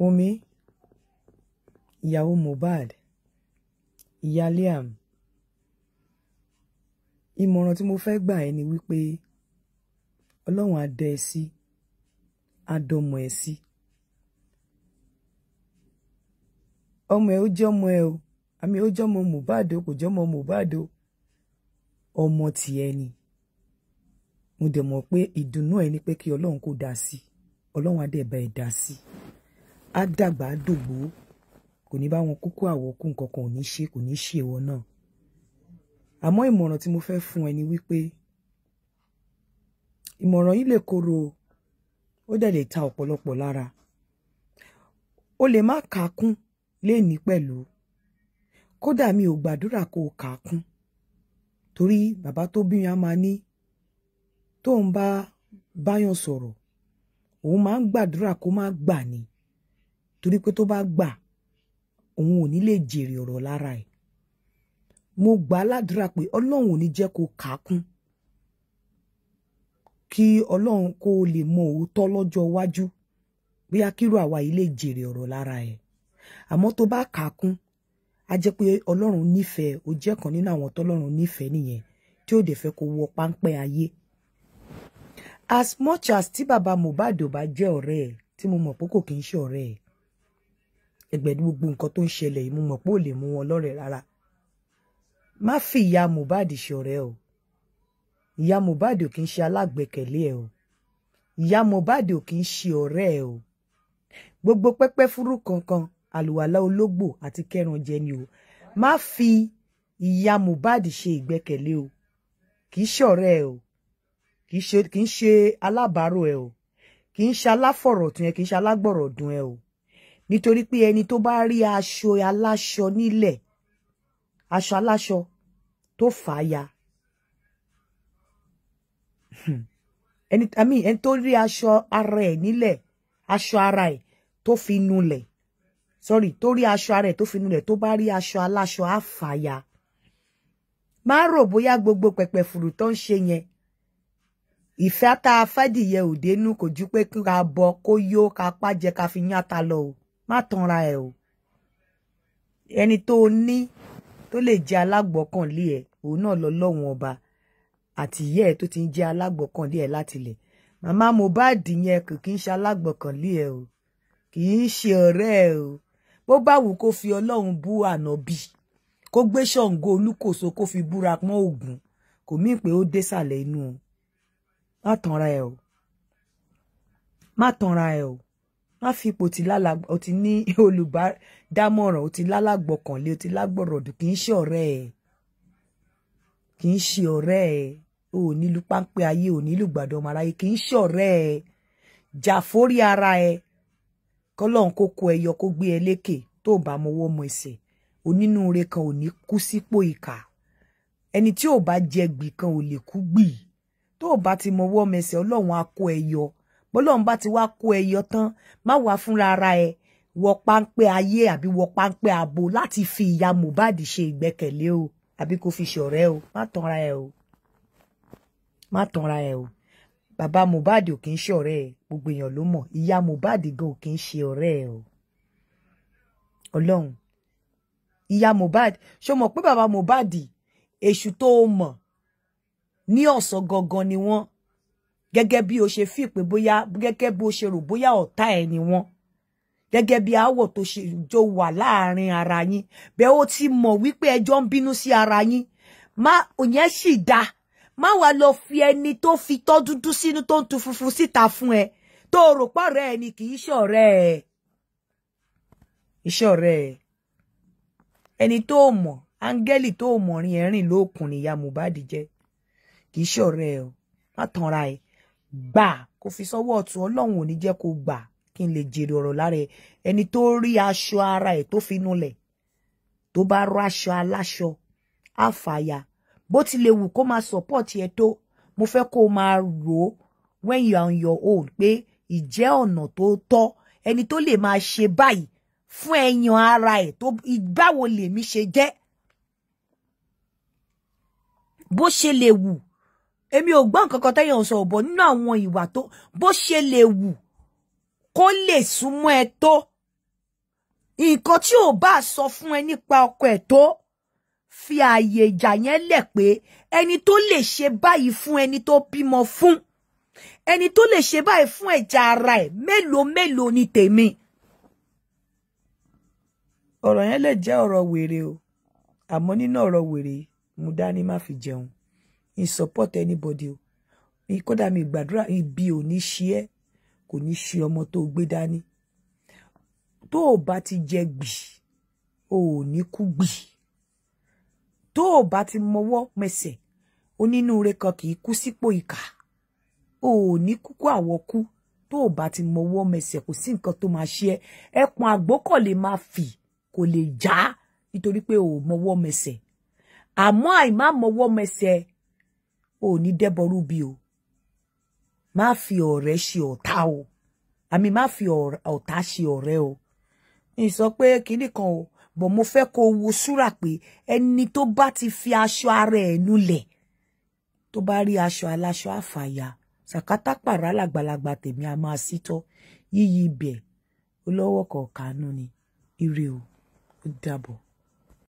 Wunmi ìyàwó Mohbad ìyá Liam ìmọ̀ràn tí mo fẹ́ gbà ẹ́ ni wípé Ọlọ́run á dẹ ẹ sí á dọmọ ẹ sí ọmọ ẹ ó jọmọ ẹ o àmì ó jọmọ Mohbad o kò jọmọ Mohbad o ọmọ tìẹ ni mo dẹ̀ mọ̀ pé ìdùnnú ẹ ni pé kí Ọlọ́run kò dá sí Ọlọ́run á dẹ̀ bá ẹ dá sí á dàgbà á dògbò kò ní bá wọn kúkú àwọkù nǹkan kan ò ní ṣe kò ní ṣe ìwọ náà àmọ́ ìmọ̀ràn tí mo fẹ́ fún ẹ ni wípé ìmọ̀ràn yìí lè korò ó dẹ̀ lè ta ọ̀pọ̀lọpọ̀ lára o lè má kà á kún léèní pẹ̀lú kódà mi ò gbàdúrà kó o kà á kún torí bàbá tó bí yan máa ní tóun bá báyọ̀ sọ̀rọ̀ òun máa ń gbàdúrà kó má gbà ni torí pé tó bá gbà òun ò ní lè jèrè ọ̀rọ̀ lára ẹ̀ mo gbà á ládùúrà pé ọlọ́run ò ní jẹ́ kó kà á kún kí ọlọ́run kó o lè mọ òótọ́ lọ́jọ́ iwájú bóyá kírò àwa yìí lè jèrè ọ̀rọ̀ lára ẹ̀ àmọ́ tó bá kà á kún a jẹ́ pé ọlọ́run nífẹ̀ẹ́ ó jẹ́ kan nínú àwọn tọ́lọ́run nífẹ̀ẹ́ nìyẹn tí ó dẹ̀ fẹ́ kó wọ páńpẹ́ ayé as much as tí bàbá Mohbad ò bá jẹ́ ọ̀rẹ́ ẹ̀ tí mo mọ̀ pé kò kì í ṣe ọ̀rẹ́ ẹ̀ ẹgbẹ̀dú gbogbo nǹkan tó ń ṣẹlẹ̀ yìí mo mọ̀ pé ò lè mú wọn lọ́rẹ̀ rárá má fi ìyá Mohbad ṣọ̀rẹ́ o ìyá Mohbad ò kì í ṣe alágbẹ̀kẹ̀lé ẹ o ìyá Mohbad ò kì í ṣe ọ̀rẹ́ ẹ o gbogbo pẹ́pẹ́ fúrú kankan àlùwàlá ológbò àti kẹran jẹ o má fi ìyá Mohbad ṣe ìgbẹ́kẹ̀lé o kì í ṣọ̀rẹ́ ẹ o kì í ṣe alábàárò ẹ o kì í ṣe aláfọ̀rọ̀tún ẹ kì í ṣe alágbọ̀rọ̀dún ẹ o nítorí pé ẹni tó bá rí aṣọ aláṣọ nílẹ̀ aṣọ aláṣọ tó fà ya hmm. ẹni i mean ẹni tó rí aṣọ ara ẹ̀ nílẹ̀ aṣọ ara ẹ̀ tó fi nulẹ̀ sorry tó rí aṣọ ara ẹ̀ tó fi nulẹ̀ tó bá rí aṣọ aláṣọ á fà ya má rò bóyá gbogbo pẹpẹ fùrù tó ń ṣe yẹn ìfẹ́ tá a fẹ́ dìyẹ òdenu kò ju pé kí bọ kó yó ká pàjẹ́ ká fi yán ta lọ o má tanra ẹ o ẹni tó o ní tó lè jẹ́ alágbọ̀kànlé ẹ òun náà lọ lọ́wọ́n ọba àti ìyá ẹ tó ti ń jẹ́ alágbọ̀kànlé ẹ láti lẹ̀ màmá Mohbad yẹn kò kí ń ṣe alágbọ̀kànlé ẹ o kì í ṣe ọ̀rẹ́ ẹ o bó bá wù kó fi ọlọ́run bú ànábì kó gbé Ṣàngó Olúkòso kó fi búra pọ́n Ògún kò mí pé ó désàlẹ̀ inú o má tanra ẹ o má tanra ẹ o má fi ipò tí lálàgbọ́ ó ti ní olùbádámọ̀ràn ó ti lálàgbọ́kànlé ó ti lágbọ̀rọ̀dù kì í ṣe ọ̀rẹ́ ẹ̀ kì í ṣe ọ̀rẹ́ ẹ̀ o ò nílùú páńpẹ́ ayé o nílùú gbàdọ̀ ọmọ aráyé kì í ṣe ọ̀rẹ́ ẹ̀ jà fórí ara ẹ̀ kọ́lọ́n kó kó ẹyọ kó gbé ẹ lékè tó bá mọwọ́ mọ ẹsẹ̀ onínúure kan ò ní kú sípò ìkà ẹni tí ò bá jẹ gbì kan ò lè kú gbì tó bá ti mọwọ́ mẹsẹ̀ ọlọ́run á kó ẹyọ bọ́lọ́run bá ti wá kó ẹyọ tán má wàá fúnra ara ẹ wọ páńpẹ́ ayé àbí wọ páńpẹ́ ààbò láti fi ìyá Mohbad ṣe ìgbẹ́kẹ̀lé o àbí kò fi ṣọ̀rẹ́ o má tanra ẹ o má tanra ẹ o bàbá Mohbad ò kì í ṣọ̀rẹ́ ẹ gbogbo èèyàn ló mọ̀ ìyá Mohbad gan ò kì í ṣe ọ̀rẹ́ ẹ o Ọlọ́run ìyá Mohbad ṣó mọ̀ pé bàbá Mohbad èṣù tó o mọ̀ ní ọ̀sán gangan ni wọ́n gẹ́gẹ́ bí o ṣe fi pé bóyá gẹ́gẹ́ bó ṣe rò bóyá ọ̀tá ẹ̀ ni wọ́n gẹ́gẹ́ bí aáwọ̀ tó ṣe jọ wà láàrin ara yín bẹ́ẹ̀ ó ti mọ̀ wípé ẹjọ́ ń bínú sí ara yín má òyìn sì da má wàá lọ fi ẹni tó fi tọ́ dúdú sínú tó ń tu funfun síta fún ẹ tó rò pọ̀ rẹ̀ ni kì í ṣọ̀rẹ́ ẹ̀ iṣẹ́ ọ̀rẹ́ ẹ̀ ẹni tó mọ̀ áńgẹ́lì tó mọ̀ rìn ẹ̀rìn lóòkùn nìyá Mohbad jẹ́ kì í ṣọ̀rẹ́ ẹ̀ o má tanra ẹ̀ gbà kó fi sọ́wọ́ ọ̀tún ọlọ́run ò ní jẹ́ kó gbà kí n lè jèrè ọ̀rọ̀ lára ẹ ẹni tó rí aṣọ ara ẹ tó fi nulẹ̀ tó bá rọ aṣọ aláṣọ àfàyà bó ti wù kó máa support ẹ tó mo fẹ́ kó máa rò ó when you are on your own pé ìjẹ́ ọ̀nà tó tọ́ ẹni tó lè máa ṣe báyìí fún ẹ̀yàn ara ẹ̀ tó ìgbàwo lèmi ṣe jẹ́ bó ṣe lè wù Emi ò gbọ́ nǹkan kan tẹ́yàn sọ òbò nínú àwọn ìwà tó bó ṣe lè wù kó lè súnmọ́ ẹ tó nǹkan tí ò bá sọ fún ẹ nípa ọkọ ẹ tó fi ààyè ìjà yẹn lẹ̀ pé ẹni tó lè ṣe báyìí fún ẹni tó bímọ fún ẹni tó lè ṣe báyìí fún ẹ̀já ara ẹ̀ mélòó mélòó ni tèmi ọ̀rọ̀ yẹn lè jẹ́ ọ̀rọ̀ wèrè o àmọ́ nínú ọ̀rọ̀ wèrè mo dání má fi jẹun in support anybody o kódà mi gbàdúrà ibi ò ní ṣe ẹ́ kò ní ṣe ọmọ tó gbé dání tó o bá ti jẹ gbì o ò ní kú gbì tó o bá ti mọwọ́ mẹsẹ̀ onínúure kan kì í kú sípò ìkà o ò ní kúkú àwọ̀ kú tó o bá ti mọwọ́ mẹsẹ̀ kò sí nǹkan tó máa ṣe ẹ́ ẹpọ̀n àgbọ́kọ̀ lè máa fì kò lè já nítorí pé o ò mọwọ́ mẹsẹ̀ àìmá mọwọ́ mẹsẹ̀ ò ni deboru bí o má fi ọ̀rẹ́ ṣe ọ̀tá o àmì má fi ọ̀tá ṣe ọ̀rẹ́ o n sọ pé kinní kan o bọ̀ mo fẹ́ kó wo súrà pé ẹni tó bá ti fi aṣọ ara ẹ̀ nulẹ̀ tó bá rí aṣọ aláṣọ àfàyà sàkátà pàrà làgbàlagbà tèmi a máa sítọ́ yíyí ibẹ̀ olówó kọ̀ọ̀kanú ni ire o ó